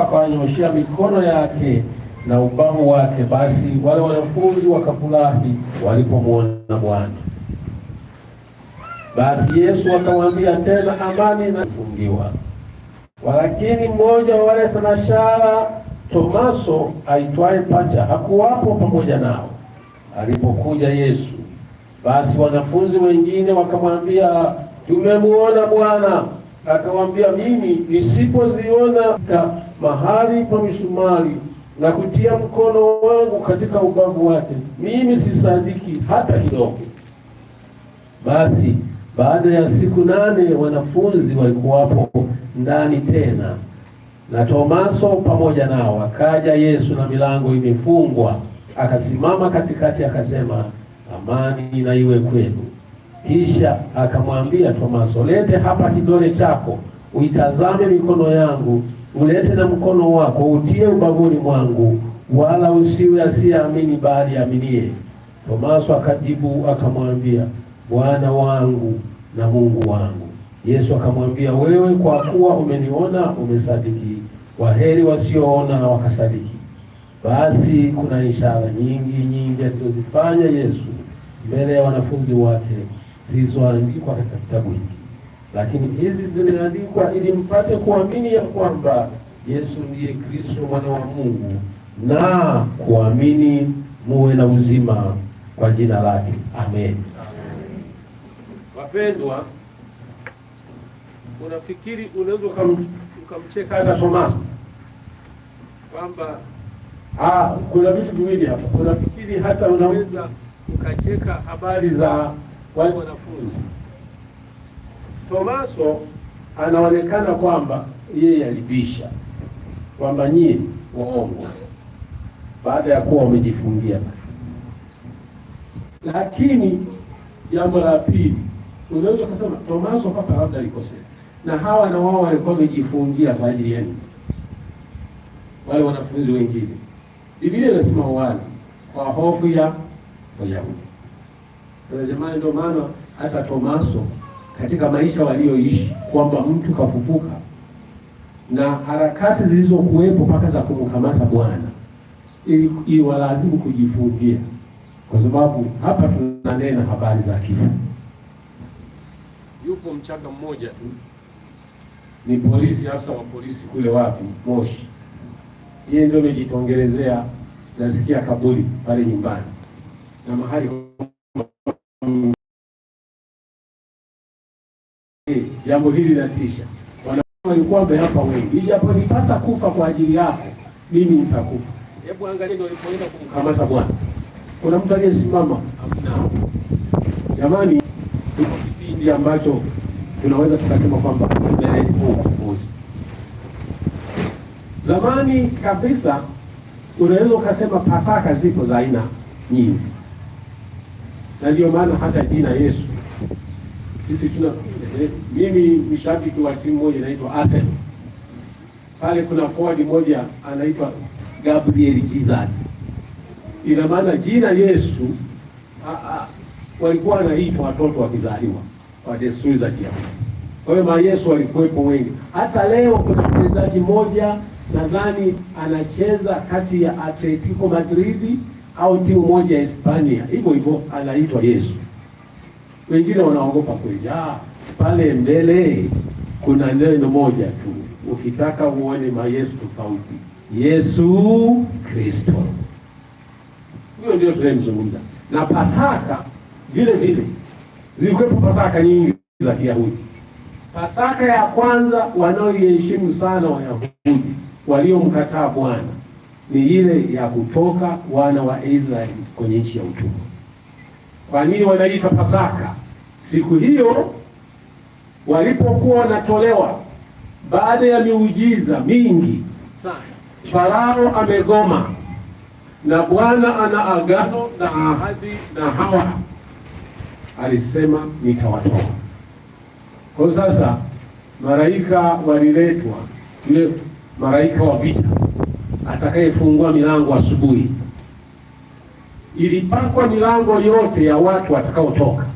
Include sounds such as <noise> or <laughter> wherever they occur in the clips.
akawanyoshea mikono yake na ubavu wake, basi wale wanafunzi wakafurahi walipomwona Bwana. Basi Yesu akamwambia tena, amani na kufungiwa. Walakini mmoja wa wale thanashara Tomaso aitwaye Pacha hakuwapo pamoja nao alipokuja Yesu. Basi wanafunzi wengine wakamwambia, tumemuona Bwana. Akamwambia, mimi nisipoziona mahali pa misumari na kutia mkono wangu katika ubavu wake, mimi sisadiki hata kidogo. Basi baada ya siku nane wanafunzi walikuwapo ndani tena, na Tomaso pamoja nao. Akaja Yesu na milango imefungwa, akasimama katikati, akasema, amani na iwe kwenu. Kisha akamwambia Tomaso, lete hapa kidole chako uitazame mikono yangu ulete na mkono wako utie ubavuni mwangu, wala usiwe asiyeamini bali aminiye. Tomaso akajibu akamwambia, Bwana wangu na Mungu wangu. Yesu akamwambia, wewe kwa kuwa umeniona umesadiki, waheri wasioona na wakasadiki. Basi kuna ishara nyingi nyingi alizozifanya Yesu mbele ya wanafunzi wake zilizoandikwa katika kitabu hiki lakini hizi zimeandikwa ili mpate kuamini ya kwamba Yesu ndiye Kristo mwana wa Mungu na kuamini muwe na uzima kwa jina lake. Amen. Wapendwa, unafikiri unaweza ukamcheka hata Thomas kwamba ah, kuna vitu viwili hapa. Unafikiri hata unaweza ukacheka habari za wale wanafunzi Tomaso anaonekana kwamba yeye alibisha kwamba nyie waongo, baada ya kuwa wamejifungia. Lakini jambo la pili, unaweza kusema Tomaso hapa labda alikosea, na hawa na wao walikuwa wamejifungia kwa ajili yenu, wale wanafunzi wengine. Biblia inasema wazi, kwa hofu ya Wayahudi. Jamani, ndio maana hata Tomaso katika maisha walioishi kwamba mtu kafufuka, na harakati zilizokuwepo mpaka za kumkamata Bwana ili iwalazimu kujifungia, kwa sababu hapa tunanena habari za kifo. Yupo mchaga mmoja tu, ni polisi, afisa wa polisi kule wapi, Moshi, yeye ndio amejitongelezea, nasikia kaburi pale nyumbani na mahali Eh, jambo hili latisha. Walikuwa hapa wengi, ijaponipasa kufa kwa ajili yako, mimi nitakufa. Hebu angalia ndio walipoenda kumkamata Bwana, kuna mtu aliyesimama hamna. Jamani, iko kipindi ambacho tunaweza tukasema kwamba unafuzi zamani kabisa, unaweza ukasema Pasaka zipo za aina nyingi, na ndio maana hata jina Yesu sisi tuna mimi ni shabiki wa timu moja inaitwa Arsenal. Pale kuna forward moja anaitwa Gabriel Jesus. Ina maana jina Yesu walikuwa wanaitwa watoto wakizaliwa kwa desturi za Kiyahudi. Kwa hiyo mayesu walikuwepo wengi. Hata leo kuna mchezaji mmoja nadhani anacheza kati ya Atletico Madrid au timu moja ya Hispania, hivyo hivyo anaitwa Yesu. Wengine wanaogopa kuja pale mbele kuna neno moja tu, ukitaka uone mayesu tofauti, Yesu Kristo. Huyo ndio tunayemzungumza. Na Pasaka vile vile, zilikuwepo Pasaka nyingi za Kiyahudi. Pasaka ya kwanza wanaoiheshimu sana Wayahudi waliomkataa Bwana ni ile ya kutoka wana wa Israeli kwenye nchi ya utumwa. Kwa nini wanaita Pasaka? Siku hiyo walipokuwa wanatolewa baada ya miujiza mingi sana, Farao amegoma na Bwana ana agano na ahadi na hawa, alisema nitawatoa. Kwa sasa malaika waliletwa, yule malaika wa vita atakayefungua milango asubuhi. Ilipakwa milango yote ya watu watakaotoka,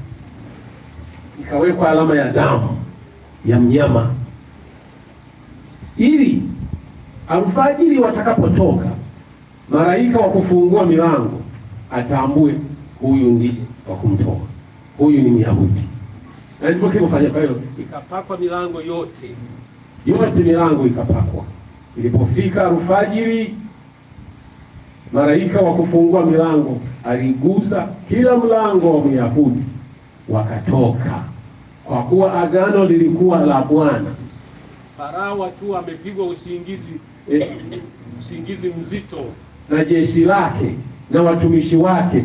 ikawekwa alama ya damu ya mnyama ili alfajiri watakapotoka malaika wa kufungua milango atambue huyu ndiye wa kumtoa, huyu ni Myahudi. Na ndipo kilifanya. Kwa hiyo ikapakwa milango yote yote, milango ikapakwa. Ilipofika alfajiri, malaika wa kufungua milango aligusa kila mlango wa Myahudi, wakatoka kwa kuwa agano lilikuwa la Bwana. Farao akiwa amepigwa usingizi, eh, usingizi mzito na jeshi lake na watumishi wake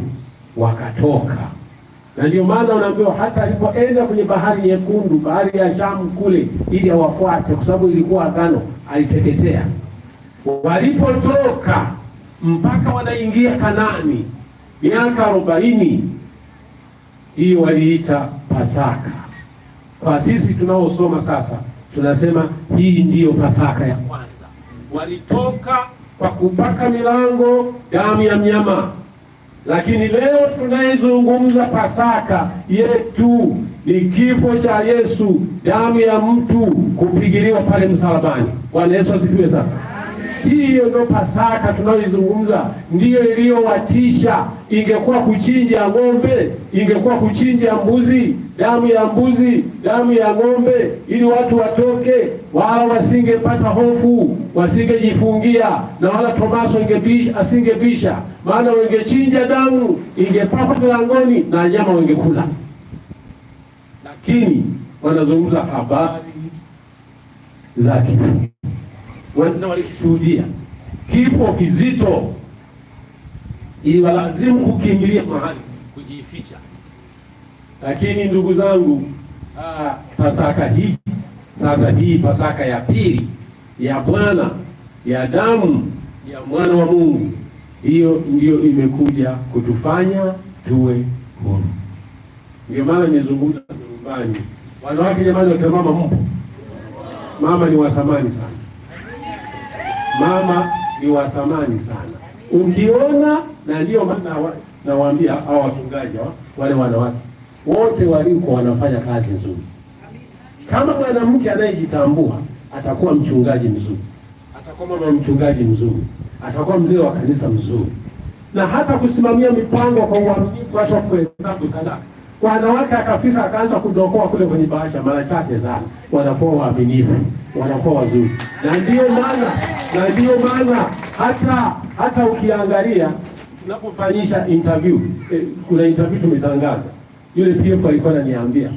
wakatoka, na ndio maana unaambiwa hata alipoenda kwenye bahari nyekundu, bahari ya Shamu kule, ili awafuate, kwa sababu ilikuwa agano, aliteketea. Walipotoka mpaka wanaingia kanani miaka arobaini, hii waliita Pasaka. Kwa sisi tunaosoma sasa, tunasema hii ndiyo Pasaka ya kwanza. Walitoka kwa kupaka milango damu ya mnyama, lakini leo tunaizungumza Pasaka yetu ni kifo cha Yesu, damu ya mtu kupigiliwa pale msalabani. Bwana Yesu asifiwe sana. Hiyo ndio Pasaka tunayoizungumza, ndiyo iliyowatisha. Ingekuwa kuchinja ng'ombe, ingekuwa kuchinja mbuzi, damu ya mbuzi, damu ya ng'ombe, ili watu watoke, wao wasingepata hofu, wasingejifungia na wala Tomaso asingebisha, maana wengechinja damu ingepakwa milangoni na nyama wengekula, lakini wanazungumza habari za kifo wengine walishuhudia kifo kizito, iwalazimu kukimbilia mahali kujificha. Lakini ndugu zangu, ah, Pasaka hii sasa, hii Pasaka ya pili ya Bwana ya damu ya mwana wa Mungu, hiyo ndiyo imekuja kutufanya tuwe huru. Ndio maana nimezungumza nyumbani, wanawake jamani, wakina mama mpo, mama ni wasamani sana mama ni wa thamani sana, ukiona na ndio maana nawaambia hao wachungaji wale wanawake wote waliko wanafanya kazi nzuri. Kama mwanamke anayejitambua atakuwa mchungaji mzuri, atakuwa mama mchungaji mzuri, atakuwa mzee wa kanisa mzuri, na hata kusimamia mipango kwa uaminifu, hata kuhesabu sadaka wanawake akafika akaanza kudokoa kule kwenye bahasha mara chache sana, wanakuwa waaminifu, wanakuwa wazuri, na ndio maana na ndio maana hata hata ukiangalia tunapofanyisha interview eh, kuna interview tumetangaza, yule PF alikuwa ananiambia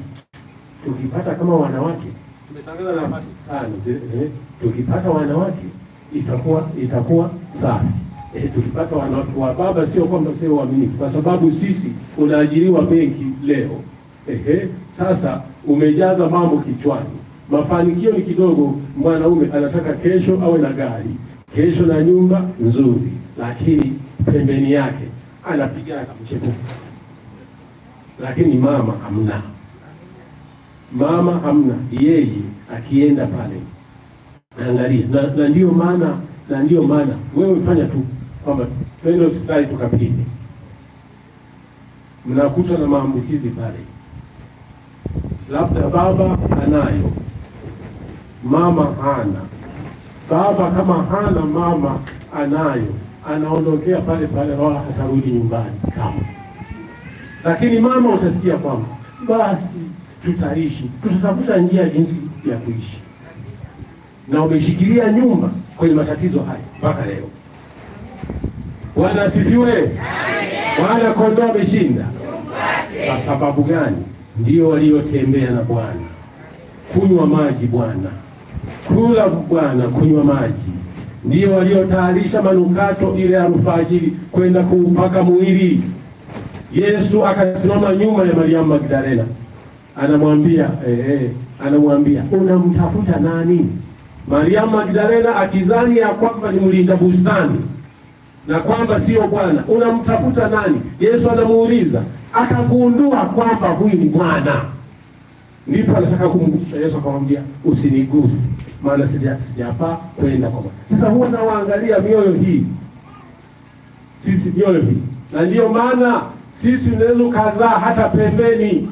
tukipata kama wanawake tumetangaza nafasi tano, eh, eh, tukipata wanawake itakuwa itakuwa safi. Eh, tukipata wa baba sio kwamba sio waaminifu, kwa sababu sisi unaajiriwa benki leo ehe, sasa umejaza mambo kichwani, mafanikio ni kidogo. Mwanaume anataka kesho awe na gari, kesho na nyumba nzuri, lakini pembeni yake anapigana na mchepuko, lakini mama hamna, mama hamna. Yeye akienda pale, angalia na, na maana na ndio maana wewe fanya tu kwamba twende hospitali tukapime, mnakutwa na maambukizi pale, labda baba anayo, mama hana. Baba kama hana, mama anayo, anaondokea pale pale, wala hatarudi nyumbani kama. Lakini mama utasikia kwamba basi tutaishi, tutatafuta njia jinsi ya kuishi, na umeshikilia nyumba kwenye matatizo haya mpaka leo. Bwana asifiwe. Mwana kondoo ameshinda. Kwa sababu gani? Ndio waliotembea na Bwana, kunywa maji Bwana, kula Bwana, kunywa maji. Ndio waliotayarisha manukato ile ya alfajiri kwenda kuupaka mwili. Yesu akasimama nyuma ya Mariamu Magdalena, anamwambia eh, eh, anamwambia unamtafuta nani? Mariamu Magdalena akizani ya kwamba ni mlinda bustani na kwamba sio Bwana. Unamtafuta nani? Yesu anamuuliza, akagundua kwamba huyu ni Bwana, ndipo anataka kumgusa. Yesu akamwambia, usiniguse, maana sijapaa kwenda kwa Bwana. Sasa huwa nawaangalia mioyo hii, sisi mioyo hii, na ndiyo maana sisi unaweza ukazaa hata pembeni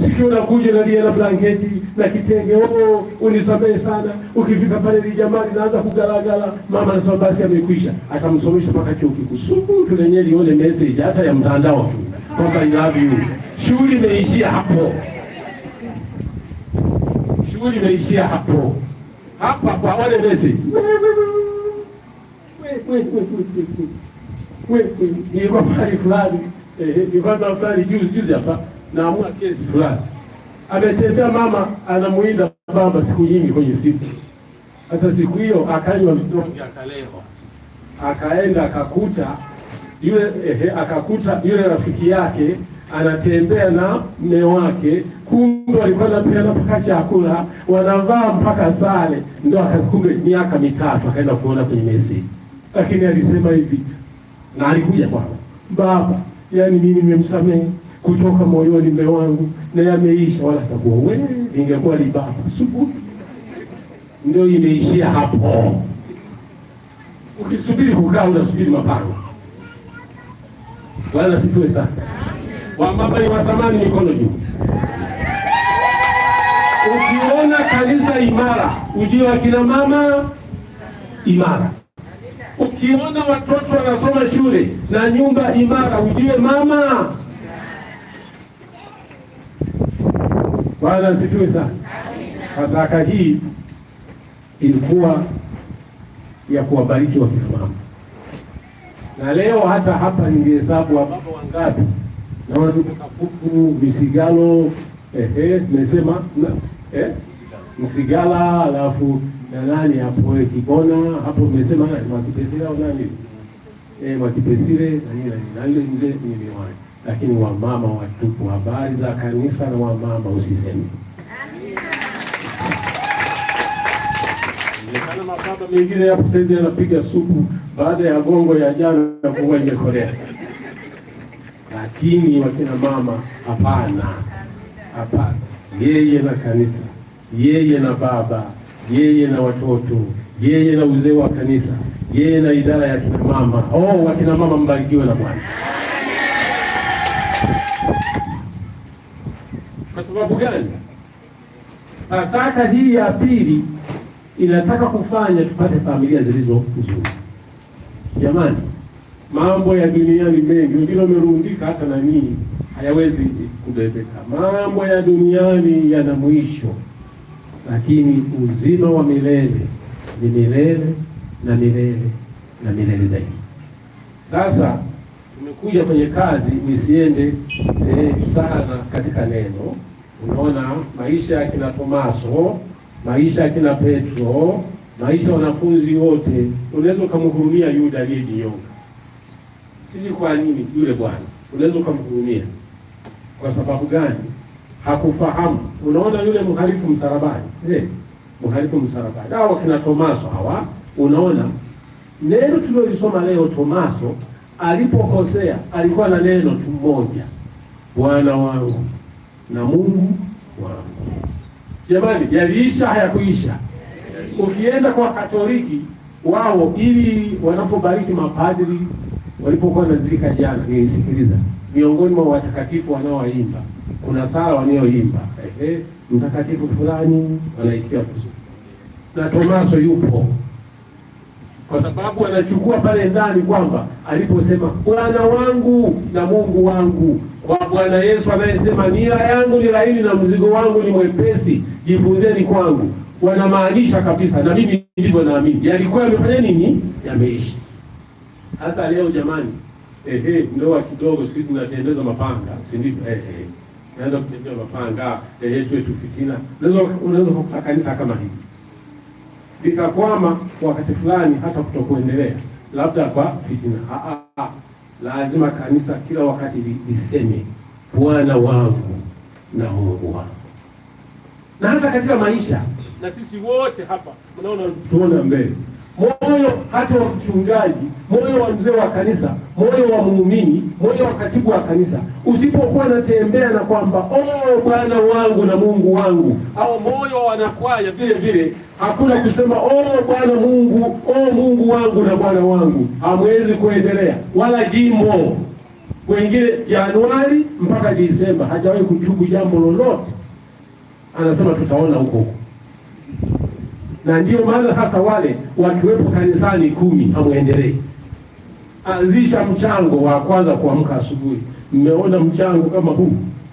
Sijui unakuja nalia na blanketi na kitenge, oo, oh, unisamehe sana. Ukifika pale ni jamani, naanza kugalagala. Mama anasema basi amekwisha, akamsomesha mpaka chuo kikuu. Subu tulenye lione message hata ya mtandao tu kwamba I love you. Shughuli imeishia hapo, shughuli imeishia hapo hapa kwa wale message nilikuwa mahali fulani, nilikuwa mahali fulani juzi juzi hapa naamua kesi fulani, ametembea mama anamuinda baba siku nyingi kwenye siku. Sasa siku hiyo akanywa mtonge, akalewa, akaenda akakuta yule ehe, akakuta yule rafiki yake anatembea na mme wake, kumbe walikuwa wanapeana mpaka chakula, wanavaa mpaka sare, ndo akakumbe miaka mitatu akaenda kuona kwenye mesi, lakini alisema hivi na alikuja kwa baba, yani mimi nimemsamehe kutoka moyoni mme wangu na yameisha, wala takuwa wewe, ingekuwa libaba subuhi ndio imeishia hapo. Ukisubiri kukaa unasubiri mapango. Wala nasifiwe sana. Wamama ni wasamani, mikono juu. Ukiona kanisa imara, ujue akina mama imara. Ukiona watoto wanasoma shule na nyumba imara, ujue mama Bwana asifiwe sana. Pasaka hii ilikuwa ya kuwabariki wakina mama, na leo hata hapa ningehesabu wababa wangapi, naona tuko Kafuku, Misigalo, ehe, nimesema eh, Msigala alafu na nani hapo Kibona hapo, nimesema Mwakipesile au nani eh, Mwakipesile na nani na mzee ni miwani lakini wamama watupu, habari za kanisa na wamama usiseme. Kana mababa mengine hapo saizi yanapiga supu baada ya gongo ya jana kuwa imekolea, lakini wakina mama hapana, hapana. Yeye na kanisa, yeye na baba, yeye na watoto, yeye na uzee wa kanisa, yeye na idara ya kina mama. Oh, wakina mama mbarikiwe na Bwana. sababu gani? Pasaka hii ya pili inataka kufanya tupate familia zilizo nzuri. Jamani, mambo ya duniani mengi, wengine wamerundika hata na nini, hayawezi kubebeka. Mambo ya duniani yana mwisho, lakini uzima wa milele ni milele na milele na milele zaidi. Sasa tumekuja kwenye kazi, nisiende eh, sana katika neno Unaona maisha ya kina Tomaso, maisha ya kina Petro, maisha wanafunzi wote, unaweza ukamhurumia Yuda aliyejinyonga. Sisi kwa nini yule bwana unaweza ukamhurumia? Kwa sababu gani? Hakufahamu. Unaona yule mhalifu msalabani, eh, mhalifu msalabani, hawa kina Tomaso hawa. Unaona neno tuliolisoma leo, Tomaso alipokosea alikuwa na neno tu moja, Bwana wangu na Mungu wangu. Jamani, yaliisha hayakuisha. Ukienda kwa Katoliki wao, ili wanapobariki mapadri walipokuwa nazirika jana, nilisikiliza miongoni mwa watakatifu wanaoimba kuna sala wanayoimba eh, mtakatifu fulani wanaitikia kusuka na Tomaso yupo, kwa sababu anachukua pale ndani kwamba aliposema Bwana wangu na Mungu wangu kwa Bwana Yesu anayesema nia yangu ni laini na mzigo wangu ni mwepesi, jifunzeni kwangu. Wanamaanisha kabisa, na mimi ndivyo naamini. Yalikuwa yaani yamefanya nini? Yameishi. Sasa leo jamani, ehe, ndoa kidogo siku hizi tunatembeza mapanga, si ndivyo? Ehe, naweza kutembea mapanga, ehe, tuwe tufitina. Unaweza unaweza kukuta kanisa kama hili likakwama wakati fulani, hata kutokuendelea labda kwa fitina. Ah ah. ah lazima kanisa kila wakati liseme Bwana wangu na Mungu wangu. Na hata katika maisha na sisi wote hapa mnaona tuona mbele moyo hata wa mchungaji, moyo wa mzee wa kanisa, moyo wa muumini, moyo wa katibu wa kanisa, usipokuwa natembea na kwamba oh, Bwana wangu na Mungu wangu, au moyo wa wanakwaya vile vile, hakuna kusema oh, Bwana Mungu, oh, Mungu wangu na Bwana wangu, hamwezi kuendelea wala jimbo wengine Januari mpaka Disemba hajawahi kujubu jambo lolote, anasema tutaona huko huko na ndio maana hasa wale wakiwepo kanisani kumi hamwendelei. Anzisha mchango wa kwanza kuamka asubuhi. Mmeona mchango kama huu?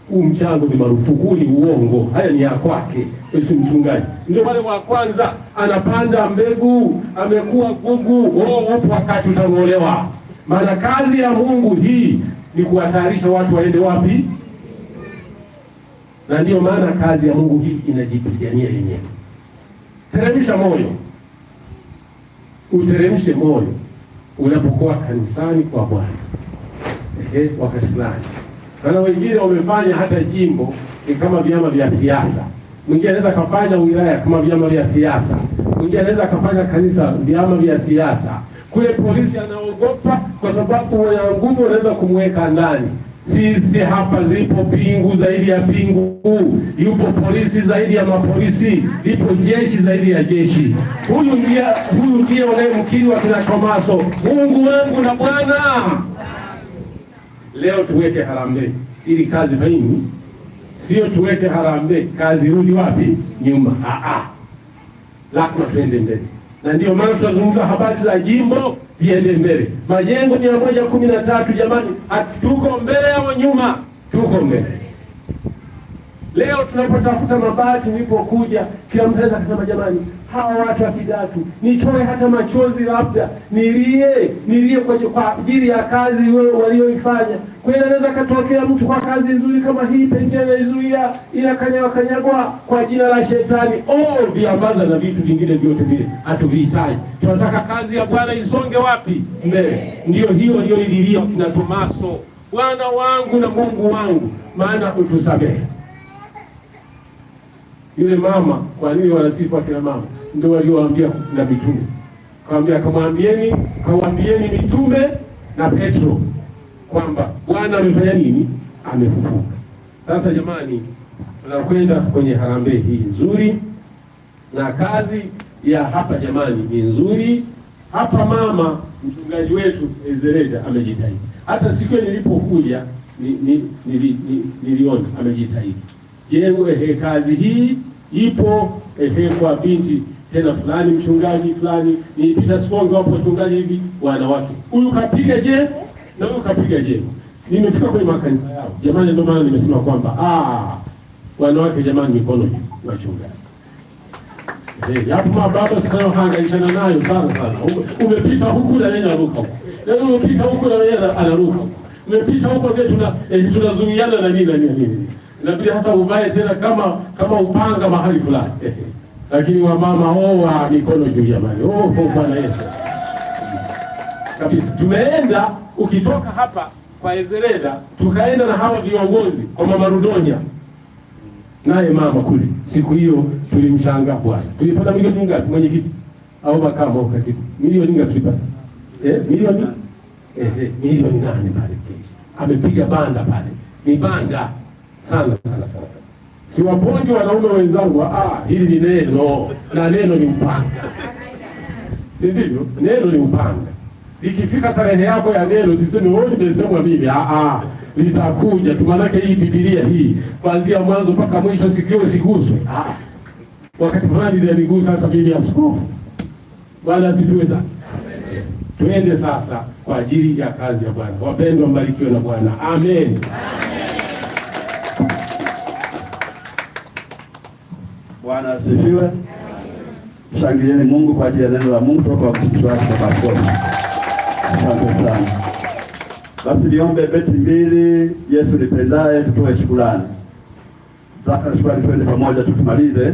Huu mchango ni marufuku, ni uongo. Haya ni ya kwake, si mchungaji. Ndio wale wa kwanza anapanda mbegu, amekuwa gugu. Oh, upo wakati utang'olewa, maana kazi ya Mungu hii ni kuwatayarisha watu waende wapi, na ndiyo maana kazi ya Mungu hii inajipigania yenyewe. Teremsha moyo, uteremshe moyo unapokuwa kanisani kwa Bwana. Ehe, wakati fulani kana wengine wamefanya hata jimbo ni kama vyama vya siasa. Mwingine anaweza akafanya wilaya kama vyama vya siasa, mwingine anaweza akafanya kanisa vyama vya siasa. Kule polisi anaogopa kwa sababu wana nguvu, wanaweza kumweka ndani sisi hapa zipo pingu zaidi ya pingu, yupo polisi zaidi ya mapolisi, lipo jeshi zaidi ya jeshi. Huyu ndiye huyu ndiye unayemkiri wa kina Tomaso, Mungu wangu na Bwana. Leo tuweke harambee ili kazi faini, sio tuweke harambee kazi rudi wapi? Nyuma. Ah, ah. lazima tuende mbele na ndio maana tunazungumza habari za jimbo viende mbele. Majengo mia moja kumi na tatu jamani, tuko mbele au nyuma? Tuko mbele. Leo tunapotafuta mabati, nilipokuja kila mtu anaweza kusema jamani hawa watu wa Kidatu, nitoe hata machozi, labda nilie, nilie kwa ajili ya kazi wewe walioifanya. Kweli anaweza katokea mtu kwa kazi nzuri kama hii, pengine anaizuia, ila kanyagwa kanyagwa kwa jina la shetani. Oh, viambaza na vitu vingine vyote vile hatuvihitaji. Tunataka kazi ya Bwana isonge wapi? Mbele. ndio hiyo aliyoililia kina Tomaso, Bwana wangu na Mungu wangu, maana utusamehe. Yule mama, kwa nini wanasifu akina mama? ndio waliowaambia na mitume, kawambia kamwambieni, kawambieni mitume na Petro kwamba Bwana amefanya nini? Amefufuka. Sasa jamani, tunakwenda kwenye harambee hii nzuri, na kazi ya hapa jamani ni nzuri. Hapa mama mchungaji wetu Ezereda amejitahidi, hata siku nilipokuja niliona ni, ni, ni, ni, amejitahidi. Je, ehe, kazi hii ipo ehe kwa binti tena fulani mchungaji fulani, nilipita Sikonge, wapo wachungaji hivi wanawake, huyu kapiga je na huyu kapiga je. Nimefika kwenye makanisa yao jamani, ndio maana nimesema kwamba ah, wanawake jamani, mikono hii wachungaji Hey, eh, hapo mababa sinayohangaishana nayo sana sana. Umepita huku na yeye anaruka huku, yaani umepita huku na yeye anaruka, umepita huku ndio tuna eh, tunazuiana na nini na nini, na pia hasa uvae tena kama kama upanga mahali fulani <laughs> lakini wamama oa mikono juu jamani, oh, oh, Bwana Yesu kabisa. Tumeenda ukitoka hapa kwa Ezereda, tukaenda na hawa viongozi kwa mama Rudonya, naye mama kule, siku hiyo tulimshanga Bwana. Tulipata milioni ngapi mwenyekiti au makamu au katibu? Milioni ngapi tulipata? Eh, milioni eh, eh, milioni nane pale. Amepiga banda pale, ni banda sana sana sana sana siwaponye wanaume wenzangu. Ah, hili ni neno na neno ni mpanga, si ndivyo? Neno ni mpanga. Ikifika tarehe yako ya neno, sisemi wewe nimesemwa mimi. Ah, ah, litakuja tu, maanake hii Biblia hii kuanzia mwanzo mpaka mwisho, sikio siguswe. Ah, wakati fulani ile nigusa hata mimi askofu. Bwana asifiwe sana. Twende sasa kwa ajili ya kazi ya Bwana. Wapendwa, mbarikiwe na Bwana. Amen, Amen. Bwana asifiwe. Shangilieni Mungu kwa ajili ya neno la Mungu kutoka kwa mtumishi wake Bakoma. Asante sana. Basi niombe beti mbili, Yesu nipendaye, tutoe shukrani. Zaka shukrani, twende pamoja tutumalize.